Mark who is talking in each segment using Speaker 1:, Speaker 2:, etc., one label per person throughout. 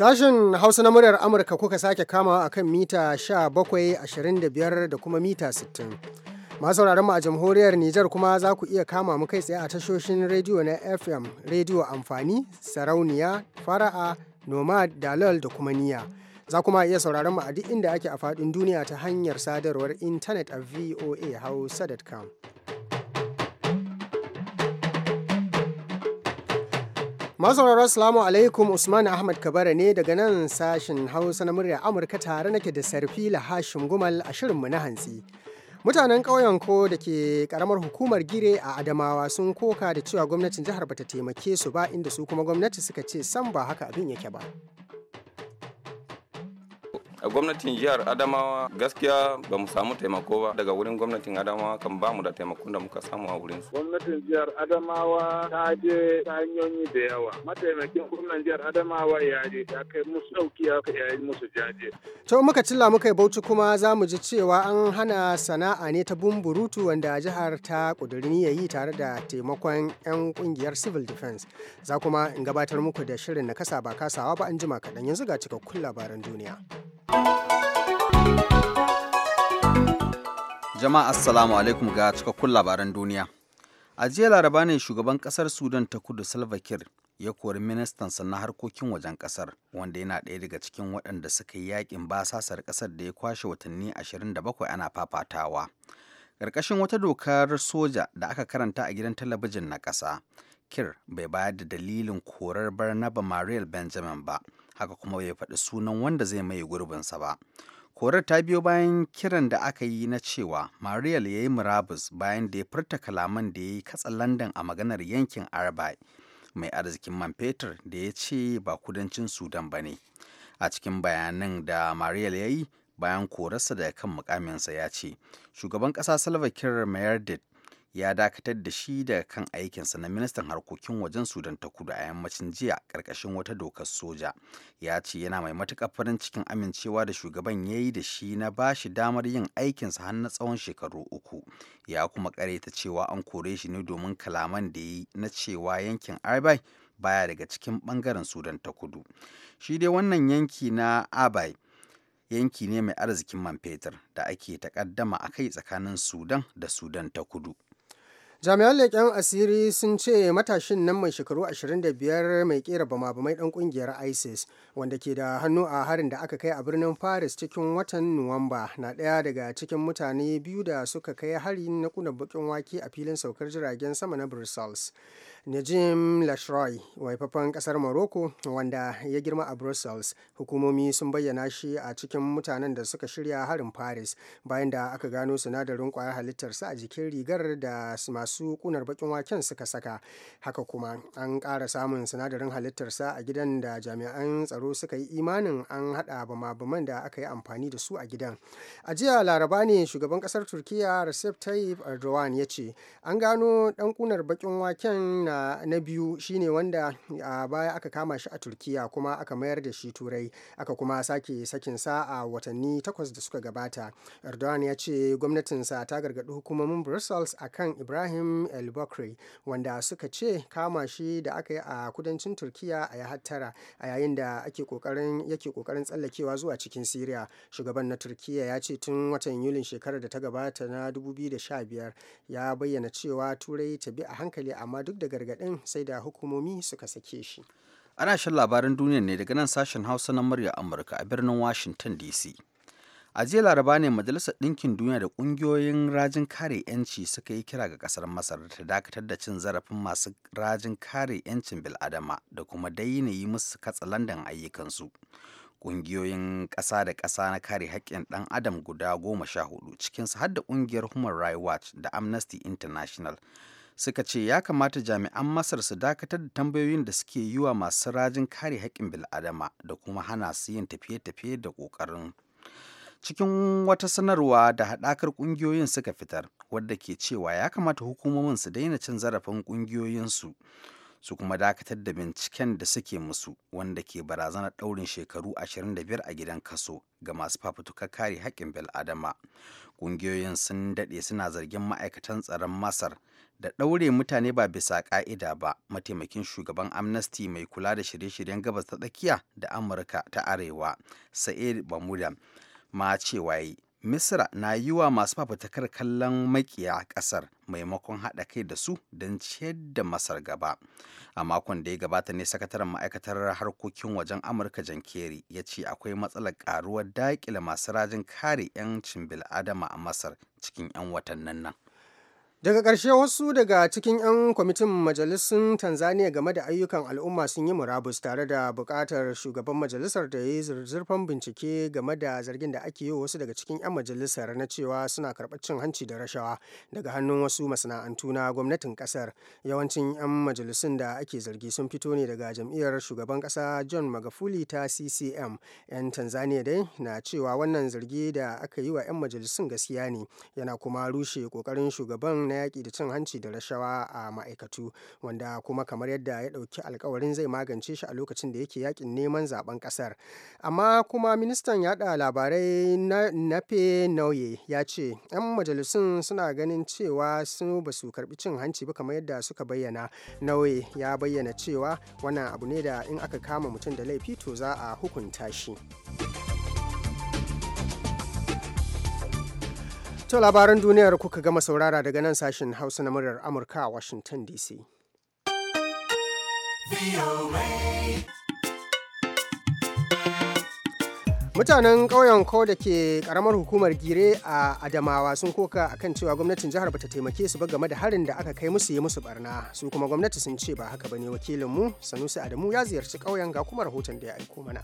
Speaker 1: Sashen Hausa na muryar Amurka kuka sake kamawa kan mita 17.25 da kuma mita 60. Masu mu a jamhuriyar Nijar kuma za ku iya kama mu kai tsaye a tashoshin rediyo na FM, rediyo amfani, sarauniya, fara'a, nomad, dalal da kuma niya. Za kuma iya sauraron mu a duk inda ake a faɗin duniya ta hanyar sadarwar intanet a voa hausa.com. Masauraro salamu alaikum Usman Ahmad Kabara ne daga nan sashen Hausa na murya Amurka tare nake da sarfi Hashim Gumal a shirin mu na hantsi. Mutanen ƙauyen ko da ke ƙaramar hukumar gire a Adamawa sun koka da cewa gwamnatin jihar bata taimake su ba inda su kuma gwamnati suka ce san ba haka abin yake ba.
Speaker 2: a gwamnatin jihar adamawa gaskiya ba mu samu taimako ba daga wurin gwamnatin adamawa kan ba mu da taimakon da muka samu a wurin su
Speaker 3: gwamnatin jihar adamawa ta je ta hanyoyi da yawa mataimakin gwamnatin jihar adamawa ya je ta kai musu dauki ya kai musu jaje
Speaker 1: to muka cilla muka yi bauchi kuma za mu ji cewa an hana sana'a ne ta bumburutu wanda jihar ta kudurin ya yi tare da taimakon 'yan kungiyar civil defense za kuma in gabatar muku da shirin na kasa ba kasawa ba an jima kaɗan yanzu ga cikakkun labaran duniya.
Speaker 4: Jama'a Assalamu alaikum ga cikakkun labaran duniya. A jiya laraba ne shugaban kasar Sudan ta kudu Salva Kiir ya kori ministan na harkokin wajen kasar wanda yana ɗaya daga cikin waɗanda suka yi yakin basasar kasar da ya kwashe watanni 27 ana fafatawa. Ƙarƙashin wata dokar soja da aka karanta a gidan talabijin na ƙasa, Kir bai bayar da dalilin korar Barnaba Mariel Benjamin ba, haka kuma bai faɗi sunan wanda zai maye gurbinsa ba korar ta biyo bayan kiran da aka yi na cewa mariel ya yi murabus bayan da ya furta kalaman da ya yi katsa london a maganar yankin arba mai arzikin man fetur da ya ce ba kudancin sudan ba ne a cikin bayanan da mariel ya yi bayan korarsa daga kan mukaminsa ya ce shugaban ƙasa salva kiir mayardit ya dakatar da shi daga kan aikinsa na ministan harkokin wajen sudan ta kudu a yammacin jiya karkashin wata dokar soja ya ce yana mai matuƙa farin cikin amincewa da shugaban ya yi da shi na ba shi damar yin aikinsa har na tsawon shekaru uku ya kuma ta cewa an kore shi ne domin kalaman da ya yi na cewa yankin arbai baya daga cikin bangaren sudan ta kudu shi dai wannan yanki na abai yanki ne mai arzikin man fetur da ake takaddama a kai tsakanin sudan da sudan ta kudu
Speaker 1: jami'an leƙen asiri sun ce matashin nan mai shekaru 25 mai kera bama-bamai ɗan ƙungiyar isis wanda ke da hannu a harin da aka kai a birnin paris cikin watan nuwamba na ɗaya daga cikin mutane biyu da suka kai hari na kuna bakin wake a filin saukar jiragen sama na brussels najim lashroy fafan kasar morocco wanda ya girma a brussels hukumomi sun bayyana shi a cikin mutanen da suka shirya harin paris bayan da aka gano sinadarin kwayar halittarsa a jikin rigar da masu kunar bakin waken suka saka haka kuma an kara samun sinadarin halittarsa a gidan da jami'an tsaro suka yi imanin an haɗa bama-baman da aka yi amfani da su a gidan a jiya laraba ne shugaban kasar turkiya recep tayyip erdogan ya ce an gano ɗan kunar bakin waken na, na biyu shine wanda a baya aka kama shi a turkiya kuma aka mayar da shi turai aka kuma sake sakin sa a watanni takwas da suka gabata erdogan ya ce gwamnatinsa ta gargaɗi hukumomin brussels akan ibrahim el bakri wanda suka ce kama shi da aka yi a kudancin turkiya a ya hattara a yayin da ake kokarin yake kokarin tsallakewa zuwa cikin syria shugaban na turkiya ya ce tun watan yulin shekarar da ta gabata na 2015 ya bayyana cewa turai ta bi a hankali amma duk daga gargadin sai da hukumomi suka sake shi
Speaker 4: ana shan labarin duniya ne daga nan sashen hausa na murya amurka a birnin washington dc a jiya laraba ne majalisar ɗinkin duniya da ƙungiyoyin rajin kare 'yanci suka yi kira ga ƙasar masar ta dakatar da cin zarafin masu rajin kare 'yancin bil'adama da kuma daina yi musu katsalandan ayyukansu ƙungiyoyin ƙasa da ƙasa na kare haƙƙin ɗan adam guda goma sha hudu cikinsu har da ƙungiyar human rights watch da amnesty international suka ce ya kamata jami'an Masar su dakatar da tambayoyin da suke yi wa masu rajin kare haƙƙin bil'adama da kuma hana su yin tafiye-tafiye da ƙoƙarin. Cikin wata sanarwa da haɗakar ƙungiyoyin suka fitar, wadda ke cewa ya kamata hukumomin su daina cin zarafin ƙungiyoyinsu. su kuma dakatar da binciken da suke musu wanda ke barazanar ɗaurin shekaru 25 a gidan kaso ga masu fafutukar kare haƙƙin bil'adama ƙungiyoyin sun daɗe suna zargin ma'aikatan tsaron masar da ɗaure mutane ba bisa ƙa'ida ba mataimakin shugaban amnesty mai kula da shirye-shiryen gabas ta tsakiya da amurka ta arewa sa'id bamuda ma cewa yi misra na yi wa masu fafutakar kallon makiya ƙasar maimakon haɗa kai da su don ciyar da masar gaba a makon da ya gabata ne sakataren ma'aikatar harkokin wajen amurka jan ya ce akwai matsalar ƙaruwar daƙile masu rajin kare 'yancin bil'adama a masar cikin 'yan watannin nan
Speaker 1: daga ƙarshe wasu daga cikin 'yan kwamitin majalisun tanzania game da ayyukan al'umma sun yi murabus tare da buƙatar shugaban majalisar da ya yi zurfan bincike game da zargin da ake yi wasu daga cikin 'yan majalisar na cewa suna karɓar cin hanci da rashawa daga hannun wasu masana'antu na gwamnatin ƙasar yawancin 'yan majalisun da ake zargi sun fito ne daga jam'iyyar shugaban ƙasa john magafuli ta ccm 'yan tanzania dai na cewa wannan zargi da aka yi wa 'yan majalisun gaskiya ne yana kuma rushe ƙoƙarin shugaban na yaƙi da cin hanci da rashawa a ma'aikatu wanda kuma kamar yadda ya ɗauki alkawarin zai magance shi a lokacin da yake yaƙin neman zaben ƙasar amma kuma ministan yaɗa labarai na nafe nauye ya ce 'yan majalisun suna ganin cewa su ba su karɓi cin hanci ba kamar yadda suka bayyana nauye ya bayyana cewa wannan abu ne da in aka kama mutum da laifi to za a hukunta shi. To labaran duniyar kuka gama saurara daga nan sashen Hausa na muryar Amurka a Washington DC. mutanen ƙauyen ko da ke ƙaramar hukumar gire a adamawa sun koka akan cewa gwamnatin jihar bata taimake su ba game da harin da aka kai musu yi musu barna su kuma gwamnati sun ce ba haka ba bane wakilinmu sanusi adamu ya ziyarci ƙauyen ga kuma rahoton da ya aiko mana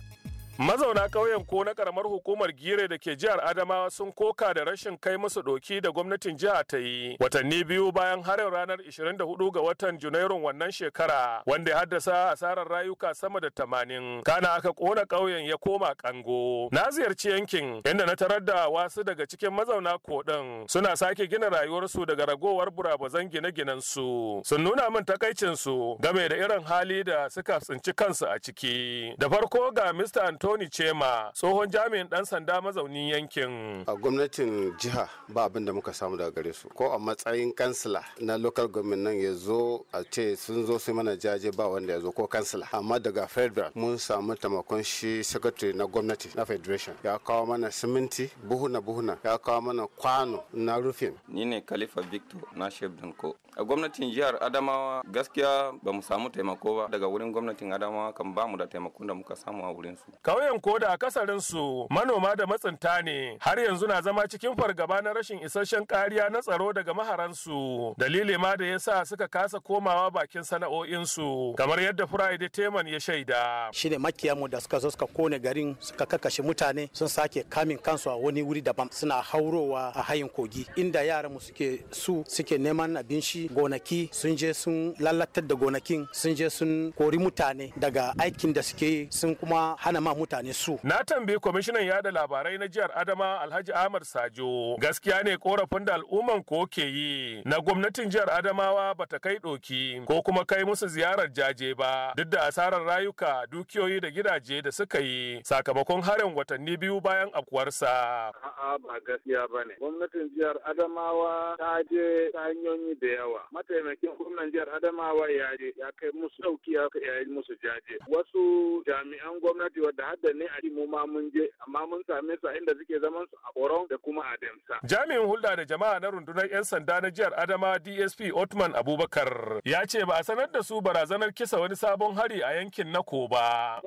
Speaker 5: Mazauna ƙauyen ko na ƙaramar hukumar Gire da ke jihar Adamawa sun koka da rashin kai musu ɗoki da gwamnatin jiha ta yi watanni biyu bayan harin ranar 24 ga watan Junairun wannan shekara wanda ya haddasa asarar rayuka sama da tamanin. Kana aka ƙona ƙauyen ya koma ƙango. Na ziyarci yankin inda na tarar da wasu daga cikin mazauna koɗin suna sake gina rayuwarsu daga ragowar burabazan gine-ginen su. Sun nuna min takaicinsu. game da irin hali da suka tsinci kansu a ciki. Da farko ga Mr. Tony Chema tsohon jami'in dan sanda mazaunin yankin. A gwamnatin jiha ba abin da muka samu daga gare su ko a matsayin kansila
Speaker 6: na local government nan ya zo a ce sun zo sai mana jaje ba wanda ya zo ko kansila amma daga federal mun samu taimakon shi secretary na gwamnati na federation ya kawo mana siminti buhuna buhuna ya kawo mana kwano na rufin.
Speaker 2: Ni ne Khalifa Victor na Shebdanko A gwamnatin jihar adamawa gaskiya ba mu samu taimako ba daga wurin gwamnatin adamawa kan ba mu da taimakon da muka samu a wurin su
Speaker 5: kauyen ko da akasarin su manoma da matsinta ne har yanzu na zama cikin fargaba na rashin isasshen kariya na tsaro daga maharan su dalili ma da yasa suka kasa komawa bakin sana'o'in su kamar yadda Friday Teman
Speaker 4: ya shaida shine makiyamu da suka zo suka kone garin suka kakkashe mutane sun sake kamin kansu a wani wuri daban suna haurowa a hayin kogi inda yaran mu suke su suke neman abin gonaki sun je sun lalatar da gonakin sun je sun kori mutane daga aikin da suke sun kuma hana ma mutane su.
Speaker 5: Na tambayi kwamishinan yada labarai na jihar Adama Alhaji Ahmad Sajo gaskiya ne korafin da al'umman ko ke yi na gwamnatin jihar Adamawa bata kai ɗoki ko kuma kai musu ziyarar jaje ba duk da asarar rayuka dukiyoyi da gidaje da suka yi sakamakon harin watanni biyu bayan akuwarsa
Speaker 3: A'a ba gaskiya bane. Gwamnatin jihar Adamawa ta je ta hanyoyi da yawa. yawa mataimakin gwamnan jihar adamawa ya je ya kai musu dauki ya kai musu jaje wasu jami'an gwamnati wadda hadda ne a mu ma mun je amma mun same su a inda suke zaman su a koron da kuma a demsa
Speaker 5: jami'in hulɗa da jama'a na rundunar yan sanda na jihar adama dsp otman abubakar ya ce ba a sanar da su barazanar kisa wani sabon hari a yankin na ko ba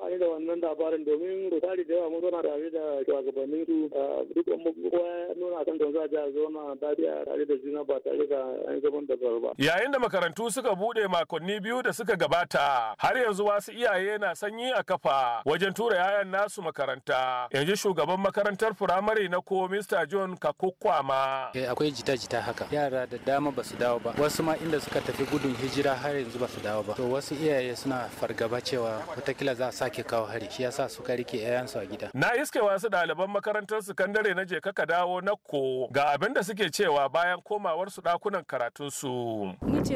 Speaker 3: ni da wannan labarin domin rotari da yawa mun zauna tare da shugabannin su kowa nuna kan da za a zauna tare da juna ba tare da an zaman da ba.
Speaker 5: Yayin da makarantu suka bude makonni biyu da suka gabata har yanzu wasu iyaye na sanyi a kafa wajen tura yayan nasu makaranta. Yanzu shugaban makarantar firamare na ko Mr. John Kakukwama. Eh, akwai jita-jita haka yara da dama ba su dawo
Speaker 2: ba wasu ma inda suka tafi gudun hijira har yanzu ba su dawo ba. To wasu iyaye suna fargaba cewa watakila za a sake kawo hari shi yasa suka rike 'ya'yansu a gida.
Speaker 5: Na iske wasu ɗaliban makarantar sakandare na je kaka dawo na ko ga abin da suke cewa bayan komawar su ɗakunan karatunsu. ku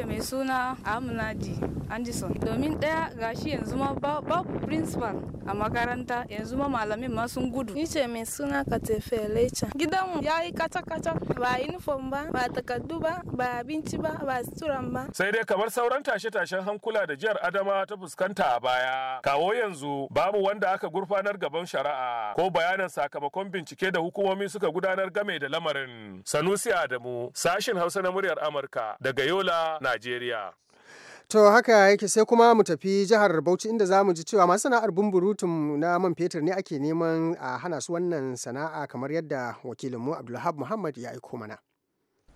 Speaker 7: mai suna amnadi anderson domin ɗaya ga shi yanzu ma babu principal a makaranta yanzu ma malamin ma sun gudu ni mai suna katefe lecha gidanmu ya yi kaca-kaca ba uniform ba ba takardu ba ba abinci ba ba suturan ba
Speaker 5: sai dai kamar sauran tashe-tashen hankula da jihar adama ta fuskanta a baya kawo yanzu babu wanda aka gurfanar gaban shari'a ko bayanin sakamakon bincike da hukumomi suka gudanar game da lamarin sanusi adamu sashin hausa na muryar amurka daga daga Najeriya.
Speaker 1: To haka yake sai kuma mu tafi jihar Bauchi inda za mu ji cewa masu sana'ar bumburutun na man fetur ne ake neman a hana su wannan sana'a kamar yadda wakilinmu Abdulhab Muhammad ya aiko mana.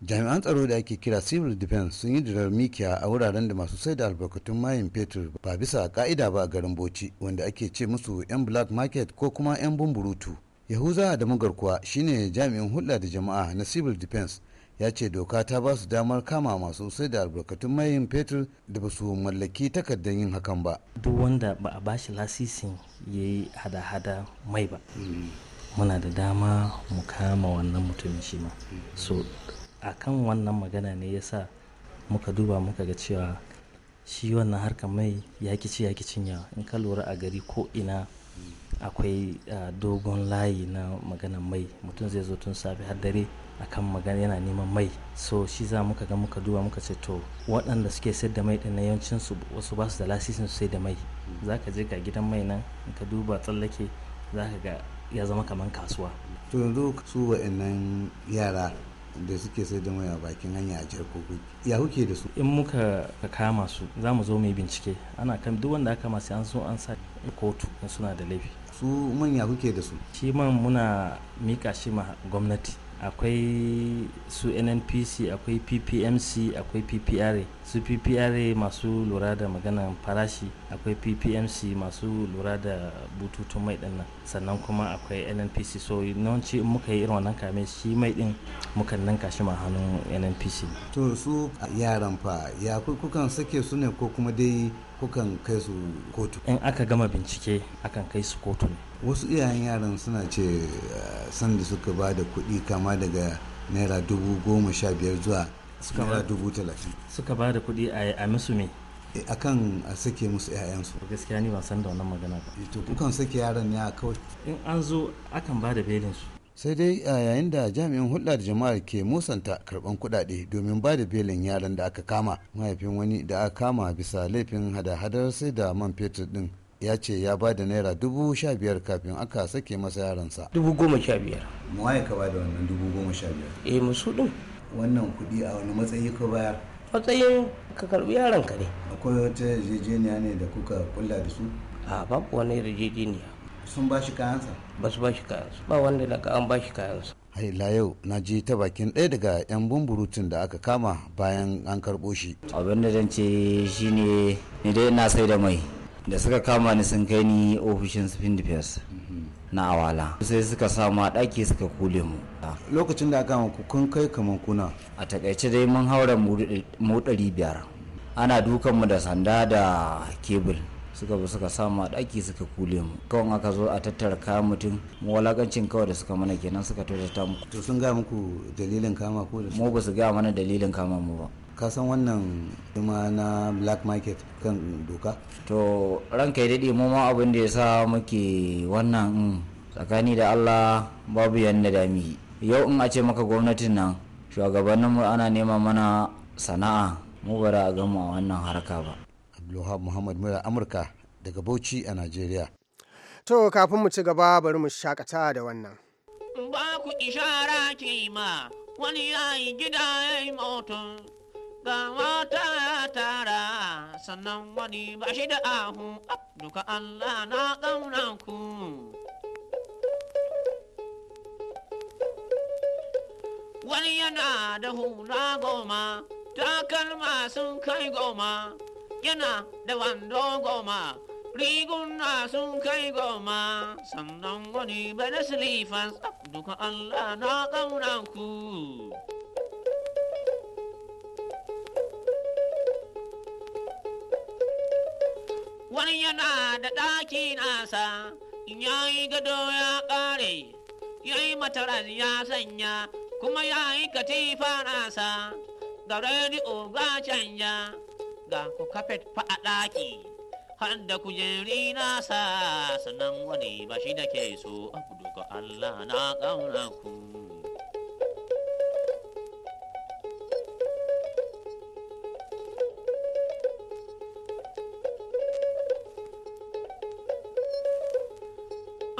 Speaker 8: jami'an tsaro da ake kira civil defense sun yi dirar mikiya a wuraren da masu sai da albarkatun mayin fetur ba bisa ka'ida ba a garin bauchi wanda ake ce musu 'yan black market ko kuma 'yan bumburutu yahuza da mugarkuwa shine jami'in hulɗa da jama'a na civil defense ya ce doka ta ba su damar kama masu sai da albarkatun mayin fetur da ba su mallaki takardar yin hakan ba duk wanda ba a bashi lasisin ya yi hada-hada mai ba muna da dama
Speaker 7: mu kama wannan mutumin shi ma so a kan wannan magana ne ya sa muka duba muka ga cewa shi wannan harka mai ya ya yakicin yawa in ka lura a gari ko ina akwai ah, dogon layi na maganan mai mutum zai zo tun safe har dare akan magana yana neman mai so shi za muka ga muka duba muka ce to waɗanda suke sayar da mai ɗin na yawancin su wasu ba su da lasisin su sai da mai za ka je ga gidan mai nan ka duba tsallake za ka ga ya zama kamar kasuwa
Speaker 8: to yanzu su wa'annan yara da suke sai da mai a bakin hanya a jarkoki
Speaker 7: ya kuke da su in muka kama su za mu zo mu yi bincike ana kan duk wanda aka masu an so an sa kotu suna da laifi su manya kuke da su shi man muna mika shi ma gwamnati akwai su nnpc akwai ppmc akwai ppra su ppra masu lura da maganan farashi akwai ppmc masu lura da bututun mai din nan sannan kuma akwai nnpc so yawanci in muka yi irin wannan kame shi mai din muka ninka shi ma hannun nnpc
Speaker 8: to su yaran fa ya kukan sake su ne ko kuma dai kukan kai su kotu in
Speaker 7: aka gama bincike akan kai su kotu ne
Speaker 8: wasu iyayen yaran suna ce ah, sanda suka ba da kuɗi kama daga naira dubu goma sha biyar zuwa naira dubu talatin
Speaker 7: suka ba da kuɗi a musu me eh, a kan a sake musu 'ya'yansu gaskiya ni ban
Speaker 8: san da wannan magana ba to kukan sake yaran ne a kawai
Speaker 7: in an zo akan ba da belin su
Speaker 8: sai dai a yayin da jami'in hulɗar jama'ar ke musanta karɓan kuɗaɗe domin ba da belin yaran da aka kama mahaifin wani da aka kama bisa laifin hada-hadar sai da man fetur ɗin ya ce ya ba da naira dubu sha biyar kafin aka sake masa yaransa dubu goma sha biyar Mu ya ka ba da wannan dubu goma sha biyar eh musu ɗin wannan kuɗi a wani matsayi ka bayar matsayin ka karɓi yaranka ka ne akwai wata yarjejeniya ne da kuka kulla da su a babu wani yarjejeniya sun ba shi kayansa ba su ba shi kayansa ba wanda daga an ba shi kayansa haila yau na je ta bakin ɗaya daga 'yan bumburutun da aka kama bayan an karɓo shi abin da zan ce shine ni dai ina sai da mai da suka kama ni sun kai ni ofishin spin defense na awala sai suka sama ɗaki suka kule mu lokacin da aka kama ku kun kai kaman kuna a takaice dai mun haura mu 500 ana dukan mu da sanda da kebul suka bi suka samu a ɗaki suka kule mu kawai aka zo a tattara kayan mutum mu walakancin kawai da suka mana kenan suka tattara mu. to sun ga muku dalilin kama ko da mu ba su ga mana dalilin kama mu ba ka san wannan kuma na black market kan doka to ranka ya daɗe mu ma abin da ya sa muke wannan tsakani da allah babu yanda dami yau in a ce maka gwamnatin nan shugabanninmu ana nema mana sana'a mu ba da a gama wannan harka ba Loha Muhammad Mura Amurka daga Bauchi
Speaker 1: a Najeriya. To kafin mu ci gaba bari mu shakata da wannan. Ba
Speaker 9: ku ishara ke ma wani yayi gida ya yi mutum ga mata ya tara sannan wani ba shi da ahu duka Allah na ƙauna ku. Wani yana da hula goma takalma sun kai goma yana da wando goma riguna sun kai goma sannan wani bada silifas duka Allah na ƙauna ku. Wani yana da ɗaki nasa ya yi gado ya ƙare ya yi mataras ya sanya kuma ya yi katifa nasa ga rediyo ga canja. ga ku kafet fa a ɗaki hadda kujeri na sa sanan wani ba shi ke so a ku duka Allah na ƙauna ku.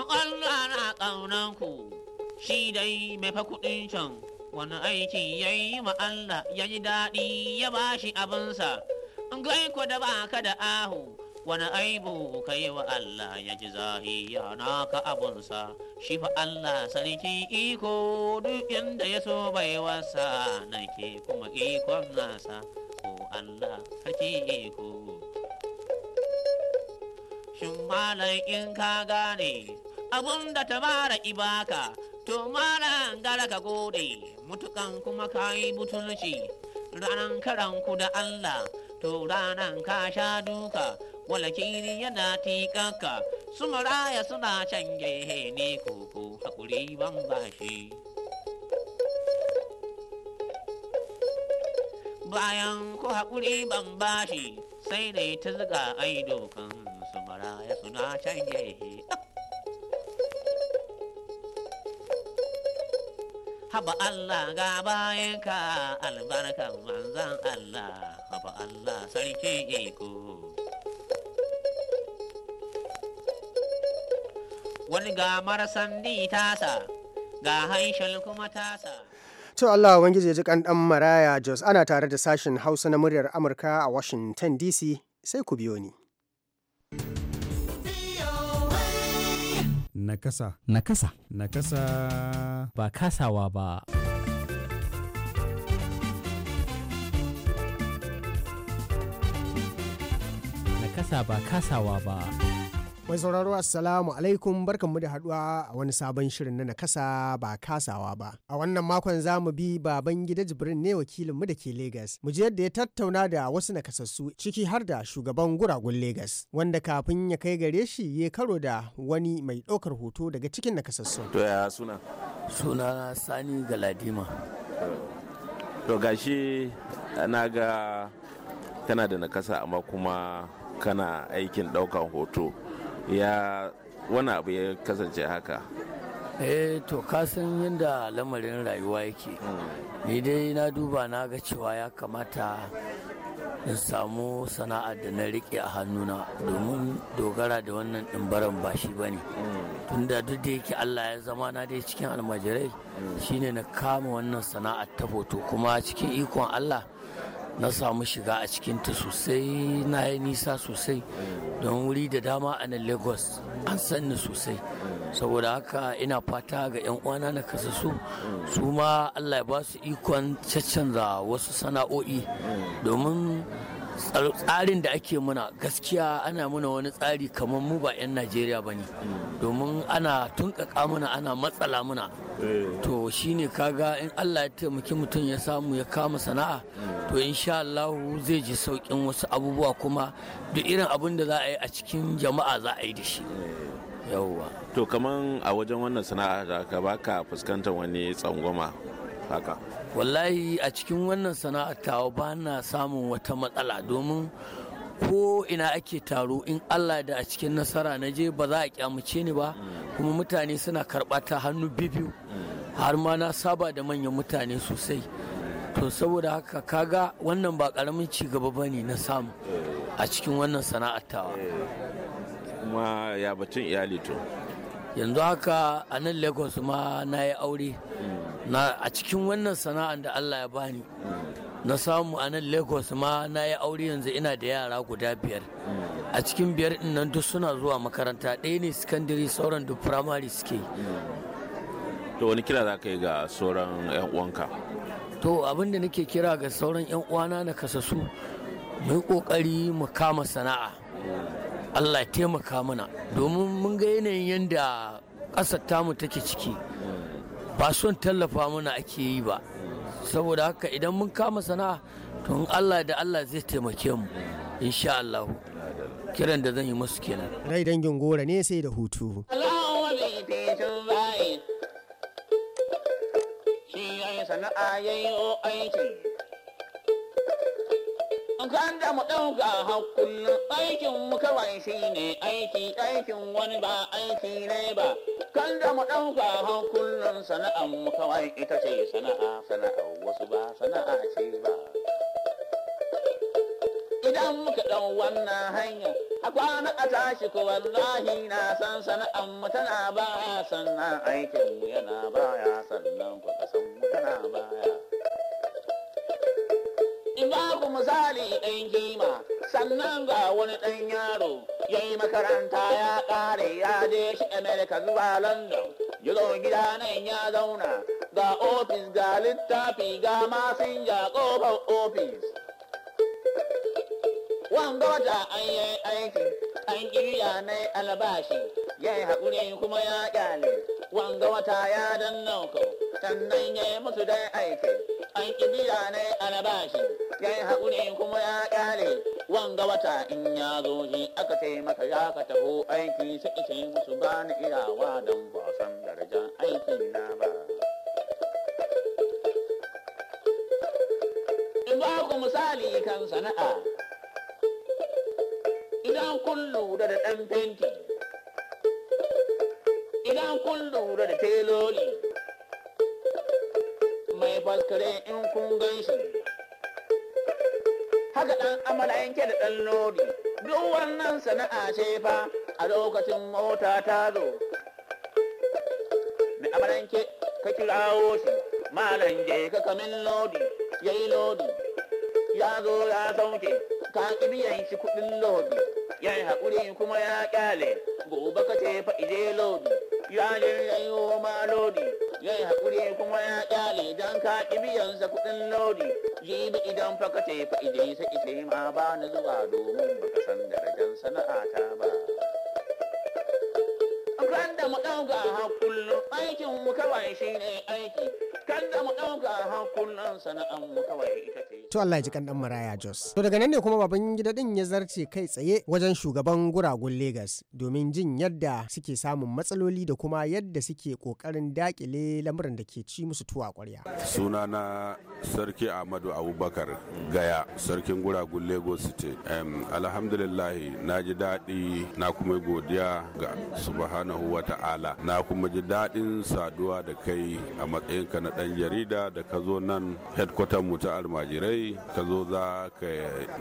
Speaker 9: Allah na ƙaunan ku shi dai mai fa kuɗin can wani aiki ya yi ma Allah ya ji daɗi ya bashi abinsa. gai ku da baka da ahu wani aibu ka yi wa Allah ya ji zahiya naka abunsa shi fa Allah sarki iko duk inda ya so bai wasa Na ke kuma ikon nasa ko Allah sarki iko shin malam in ka gane abun da ta mara ibaka to malam gara ka gode mutukan kuma ka yi butulci ranan karanku da Allah to ranan ka sha duka kiri yana tikaka su maraya suna can gehe ne koko haƙuri ban bashi bayan ku haƙuri ban bashi sai dai ta zuga aido kan su maraya suna can gehe haba Allah ga bayanka albarkan manzan Allah Allah sarki iko. Wani ga marasan tasa, ga haishal kuma tasa.
Speaker 1: To Allah Ubangiji ji kan ɗan Maraya Jos ana tare da sashen Hausa na muryar Amurka a Washington DC sai ku biyo ni.
Speaker 4: Nakasa. Nakasa. Nakasa.
Speaker 7: Ba kasawa ba. kasa ba kasawa ba.
Speaker 1: Mai sauraro Assalamu alaikum barkanmu da haduwa a wani sabon shirin na nakasa ba kasawa ba. A wannan makon za mu bi baban gida jibrin ne wakilinmu da ke Legas. Mu ji yadda ya tattauna da wasu nakasassu ciki har da shugaban guragun Legas wanda kafin ya kai gare shi ya karo da wani mai ɗaukar hoto daga cikin nakasassu.
Speaker 2: To ya suna? Suna Sani Galadima. To gashi na ga tana da nakasa amma kuma kana aikin ɗaukan hoto ya wani abu ya kasance haka
Speaker 10: eh to kasan yadda lamarin rayuwa yake hmm. ni dai na duba na ga cewa ya kamata in samu sana'ar da na riƙe a hannuna domin dogara da wannan ɗimbaran ba shi ba ne hmm. tunda duk da yake allah ya zama na dai cikin almajirai hmm. shine na kama wannan sana'a ta hoto kuma cikin ikon allah na samu shiga a cikinta sosai na yi nisa sosai don wuri da dama a nan lagos an sanni sosai saboda haka ina fata ga 'yan uwana na kasasu su ma allah ya ba su ikon caccanza wasu sana'o'i domin tsarin da ake muna gaskiya ana muna wani tsari kamar mu ba 'yan najeriya ba ne domin ana tunkaka muna ana matsala muna eh. to shine kaga in allah ya taimaki mutum ya samu ya kama sana'a to insha allahu zai ji saukin wasu abubuwa kuma duk irin abin da za a yi a cikin jama'a za
Speaker 2: a yi da shi yauwa to kamar a wajen wannan sana'a da ka baka fuskantar wani tsangwama haka wallahi a cikin wannan sana'ar tawa ba na
Speaker 10: samun wata matsala domin ko ina ake taro in allah da a cikin nasara na je ba za a kyamace ni ba kuma mutane suna karɓa ta hannu biyu har ma na saba da manyan mutane sosai to saboda haka kaga wannan ba karamin cigaba ba ne na samu a cikin wannan sana'ar tawa kuma ya batun iyali to yanzu haka a nan lagos ma na yi aure na a cikin wannan sana'an da Allah ya bani na samu a nan Lagos ma na yi aure yanzu ina da yara guda biyar a cikin biyar din nan duk suna zuwa makaranta ɗaya ne secondary sauran duk primary suke
Speaker 2: to wani kira za ka yi ga sauran 'yan uwanka
Speaker 10: to abin da nake kira ga sauran 'yan uwana na kasasu mu yi kokari mu kama sana'a Allah ya taimaka mana domin mun ga yanayin yanda ƙasar tamu take ciki ba son tallafa mana ake yi ba saboda haka idan mun kama sana'a to Allah da Allah zai taimake mu insha Allah kiran da zan yi musu kenan
Speaker 11: rai
Speaker 1: dangin gora ne sai da hutu
Speaker 11: sana'a kan da mu ɗauka hakkullin aikin mu kawai shi ne aiki aikin wani ba aiki ne ba kan da mu ɗan fahan kullum sana'an mu kawai ita ce sana'a sana'a wasu ba sana'a ce ba idan muka ɗan wannan hanya a kwana a tashi ko wallahi na san sana'an mu tana baya sannan aikin mu yana baya sannan ku san mu tana baya in ba ku misali ɗan kima sannan ga wani ɗan yaro ya yi makaranta ya ƙare ya je shi amerika zuwa london ya gida nan ya zauna ga ofis ga littafi ga masinja ƙofar ofis wanda wata an yi aiki an kirya na albashi ya yi haƙuri kuma ya ƙyale wanga wata ya dan nauka sannan ya yi musu dai aike. an ƙidiya ne alabashi ya yi haƙuri kuma ya ƙyale wanga wata in ya zo shi aka ce maka ya ka taho aiki sai ce musu ba ni iyawa don ba san darajar aiki na ba. In ba ku misali kan sana'a idan kun lura da ɗan fenti idan kun lura da teloli mai faskare in kun gan shi haka ɗan amala yanke da ɗan lodi duk wannan sana'a ce fa a lokacin mota ta zo mai amala yanke ka kirawo shi malam je ka kamin lodi ya yi lodi ya zo ya sauke ka biyan shi kuɗin lodi ya yi haƙuri kuma ya ƙyale gobe ka ce fa ije lodi ya ya yi wa ma lodi ya yi haƙuri kuma ya ƙyale don ka ƙi sa kuɗin lodi jibi idan fa ka idan ije sa ije ma ba na zuwa domin ba ka san darajar sana'a ta ba. Ran da mu ɗauka ha kullum aikin mu kawai shi ne aiki
Speaker 1: To Allah ya ji dan Maraya Jos. To daga nan ne kuma baban gida din ya zarce kai tsaye wajen shugaban guragun Legas domin jin yadda suke samun matsaloli da kuma yadda suke kokarin dakile lamuran da ke ci musu tuwa kwarya.
Speaker 6: na Sarki Ahmadu Abubakar Gaya, Sarkin guragun Lagos State. alhamdulillahi na ji daɗi na kuma godiya ga subhanahu wa ta'ala na kuma ji daɗin saduwa da kai a matsayinka na dan jarida da ka zo nan headquarter mu ta almajirai ka zo za ka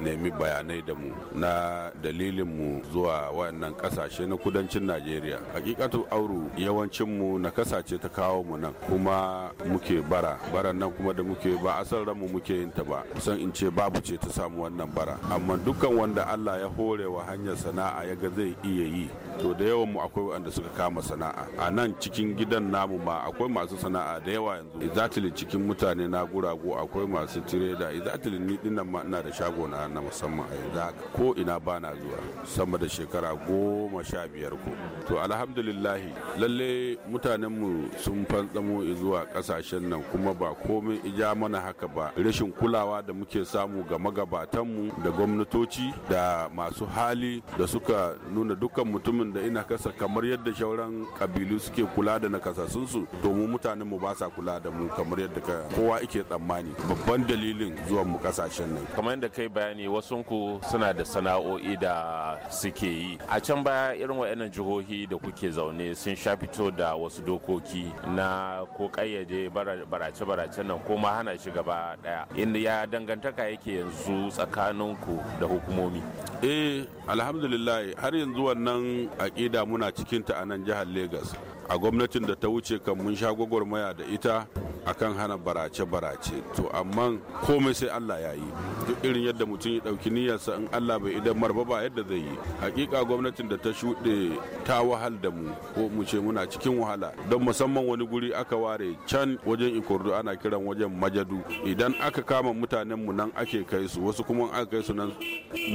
Speaker 6: nemi bayanai da mu na dalilin mu zuwa wayannan kasashe na kudancin najeriya hakikatu auru yawancin mu na kasace ta kawo mu nan kuma muke bara Bara nan kuma da muke ba asal ranmu muke yin ta ba kusan in ce babu ce ta samu wannan bara amma dukkan wanda allah ya hore wa hanyar sana'a ya ga zai iya yi to da yawan mu akwai wanda suka kama sana'a a nan cikin gidan namu ma akwai masu sana'a da yawa yanzu exactly cikin mutane na gurago akwai masu tireda exactly ni nan ma ina da shago na na musamman a yanzu ko ina bana zuwa sama da shekara goma sha biyar ko to alhamdulillah lalle mutanen mu sun fantsamo zuwa kasashen nan kuma ba komai ija mana haka ba rashin kulawa da muke samu ga magabatan mu da gwamnatoci da masu hali da suka nuna dukkan mutumin da ina kasa kamar yadda shauran kabilu suke kula da nakasassunsu su, domin mutanen mu ba sa kula da mu mu kamar yadda ka kowa yake tsammani babban dalilin zuwan mu kasashen nan kamar yadda
Speaker 2: kai bayani wasu ku suna da sana'o'i da suke yi a can baya irin waɗannan jihohi da kuke zaune sun sha fito da wasu dokoki na ko kayyade barace-barace nan ko ma hana shi gaba daya inda ya dangantaka yake yanzu
Speaker 6: tsakanin ku da hukumomi eh alhamdulillah har yanzu wannan aƙida muna cikinta a nan jihar lagos a gwamnatin da ta wuce kan mun sha gwagwarmaya da ita akan hana barace-barace to amma komai sai Allah ya yi duk irin yadda mutum ya ɗauki niyyarsa in Allah bai idan marba ba yadda zai yi hakika gwamnatin da ta shuɗe ta wahal da mu ko mu ce muna cikin wahala don musamman wani guri aka ware can wajen ikordu ana kiran wajen majadu idan aka kama mutanen mu nan ake kai su wasu kuma aka kai su nan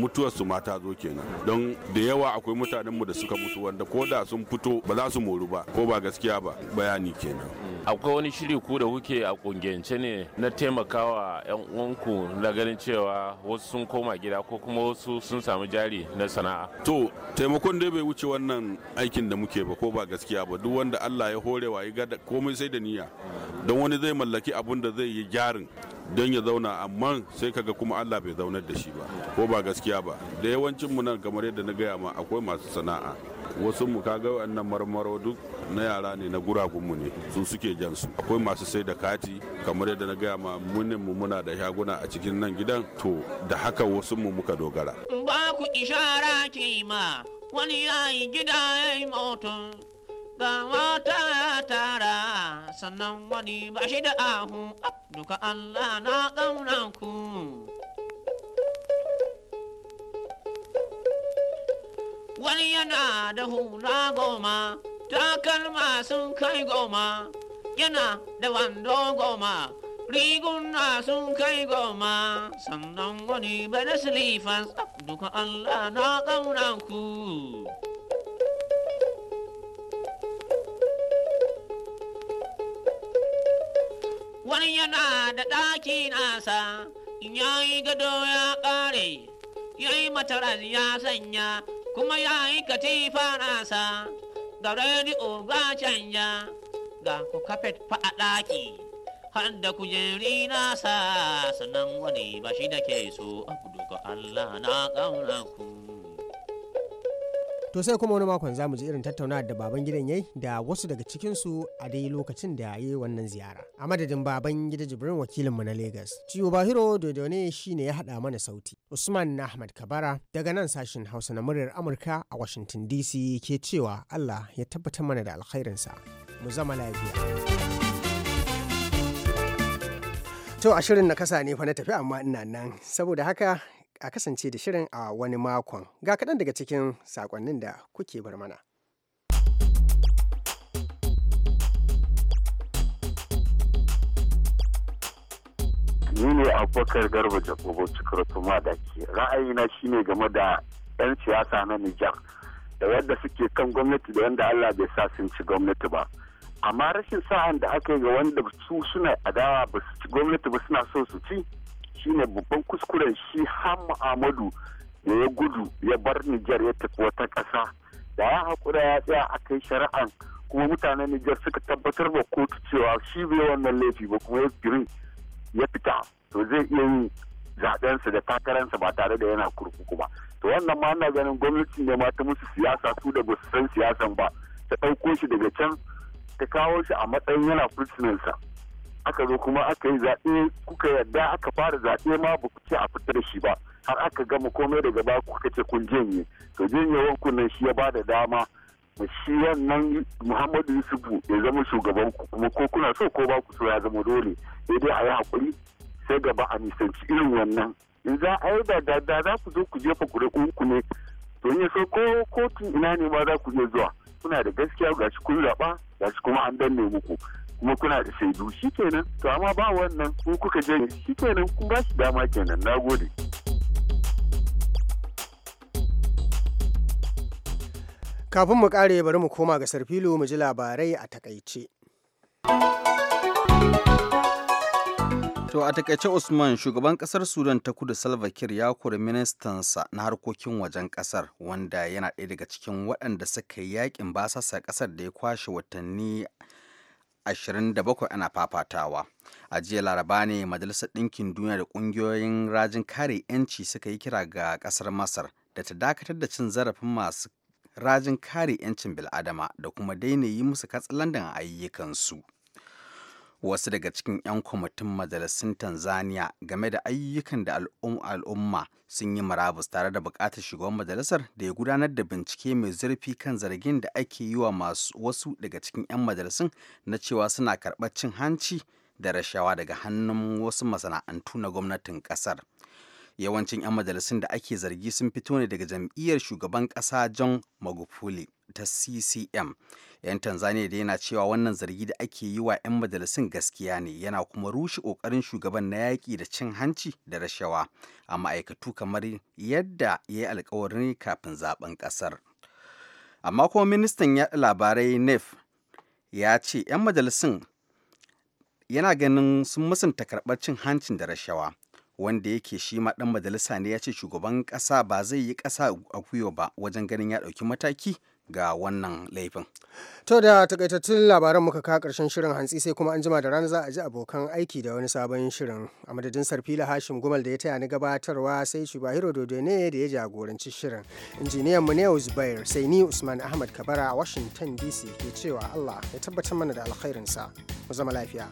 Speaker 6: mutuwar su mata zo kenan don da yawa akwai mutanen mu da suka mutu wanda ko da sun fito ba za su moru ba ko ba gaskiya ba bayani kenan
Speaker 2: akwai wani shiri ku da kuke a kungiyance ne na taimakawa 'yan uwanku na ganin cewa wasu sun koma gida ko kuma wasu sun samu jari na sana'a
Speaker 6: to taimakon dai bai wuce wannan aikin da muke ba ko ba gaskiya ba duk wanda allah ya horewa ya ga komai sai da niyya don wani zai mallaki abun da zai yi jarin don ya zauna amma sai kaga kuma Allah bai zaunar da shi ba ko ba gaskiya ba da yawancin mu nan kamar yadda na gaya ma akwai masu sana'a wasu mu kaga wannan marmaro duk na yara ne na mu ne su suke jan su akwai masu sai da kati kamar yadda na gaya ma munin mu muna da shaguna a cikin nan gidan to da haka wasu mu muka dogara
Speaker 9: ba ku ishara ke ma wani yayi gida yayi ga mata tara sannan wani ba shi da ahu duka Allah na ƙaunan ku. Wani yana da hula goma, takalma sun kai goma, yana da wando goma, riguna sun kai goma, sannan wani ba da silifas duka Allah na ƙaunan ku. yana da ɗaki nasa ya yi gado ya ƙare ya yi mataras ya sanya kuma ya yi katifa nasa ga rediyo ga canja ga ku kafet fa a ɗaki har da kujeri nasa sannan wani ba da ke so a Allah na ƙaunar ku.
Speaker 1: to sai kuma wani makon zamu ji irin tattauna da baban gidan yayi da wasu daga cikin su a dai lokacin da yayi wannan ziyara a madadin baban gida jibrin wakilin mu na lagos ciwo bahiro dodone shine ya haɗa mana sauti usman na ahmad kabara daga nan sashin hausa na muryar amurka a washington dc ke cewa allah ya tabbatar mana da alkhairinsa mu zama lafiya To a shirin na kasa ne fa na tafi amma ina nan saboda haka a kasance da shirin a wani makon ga kaɗan daga cikin sakonnin da kuke bar mana.
Speaker 3: ni ne abubakar garba jakobo cikarotuma da ke ra'ayina shi ne game da 'yan siyasa na nijar da yadda suke kan gwamnati da wanda allah bai sa sun ci gwamnati ba amma rashin sa'an da aka yi ga wanda su suna adawa ba su ci gwamnati ba suna so su ci shine babban kuskuren shi hamma amadu da ya gudu ya bar nijar ya tafi wata ƙasa da ya haƙura ya tsaya a kai shari'an kuma mutanen nijar suka tabbatar ba kotu cewa shi bai wannan laifi ba kuma ya firi ya fita to zai iya yin zaɓensa da takararsa ba tare da yana kurkuku ba to wannan ma ana ganin gwamnati ne ma ta musu siyasa su da ba su san siyasan ba ta ɗauko shi daga can ta kawo shi a matsayin yana fursunansa aka zo kuma aka yi zaɓe kuka yadda aka fara zaɓe ma ba ku ce a fita da shi ba har aka gama komai daga ba kuka ce kun janye to janyewan ku nan shi ya ba da dama shi wannan muhammadu yusufu ya zama shugaban ku kuma ko kuna so ko ba ku so ya zama dole sai dai a yi hakuri sai gaba a nisanci irin wannan in za a yi da da za ku zo ku jefa ku ne to in so ko kotun ina ne ma za ku je zuwa kuna da gaskiya ga shi kun zaɓa shi kuma an danne muku kuma kuna da shaidu shi kenan to amma ba wannan ku kuka je shi kenan kun ba shi dama kenan na gode.
Speaker 1: kafin mu kare bari mu koma ga sarfilu mu ji labarai a takaice.
Speaker 4: To a takaice Usman shugaban kasar Sudan ta kudu Salva Kiir ya kori ministansa na harkokin wajen kasar wanda yana ɗaya daga cikin waɗanda suka yi yakin basasa kasar da ya kwashe watanni 27 ana fafatawa a jiya laraba ne majalisar ɗinkin duniya da ƙungiyoyin rajin kare 'yanci suka yi kira ga ƙasar masar da ta dakatar da cin zarafin masu rajin kare 'yancin bil'adama da kuma daina yi musu katsalandan ayyukansu wasu daga cikin 'yan kwamitin majalisun tanzania game da ayyukan da al'umma sun yi marabus tare da bukatar shugaban majalisar da ya gudanar da bincike mai zurfi kan zargin da ake yi wa masu wasu daga cikin 'yan majalisun na cewa suna karɓar cin hanci da rashawa daga hannun wasu masana'antu na gwamnatin ƙasar yawancin 'yan majalisun da ake zargi sun fito ne daga jam'iyyar shugaban ƙasa john magufuli ta ccm 'yan tanzania da yana cewa wannan zargi da ake yi wa 'yan majalisun gaskiya ne yana kuma rushe kokarin shugaban na yaƙi da cin hanci da rashawa a ma'aikatu kamar yadda ya yi alkawarin kafin zaben ƙasar amma kuma ministan yaɗa labarai nef ya ce 'yan majalisun yana ganin sun musanta karɓar cin hancin da rashawa wanda yake shi ma ɗan majalisa ne ya ce shugaban ƙasa ba zai yi ƙasa a gwiwa ba wajen ganin ya ɗauki mataki ga wannan laifin.
Speaker 1: To da takaitattun labaran muka ka karshen shirin hantsi sai kuma an jima da rana za a ji abokan aiki da wani sabon shirin a madadin sarfila hashim gumal da ya taya ni gabatarwa sai bahiro dodo ne da ya jagoranci shirin injiniyan mu ne zubair sai ni usman ahmad kabara a washington dc ke cewa allah ya tabbatar mana da alkhairinsa mu zama lafiya.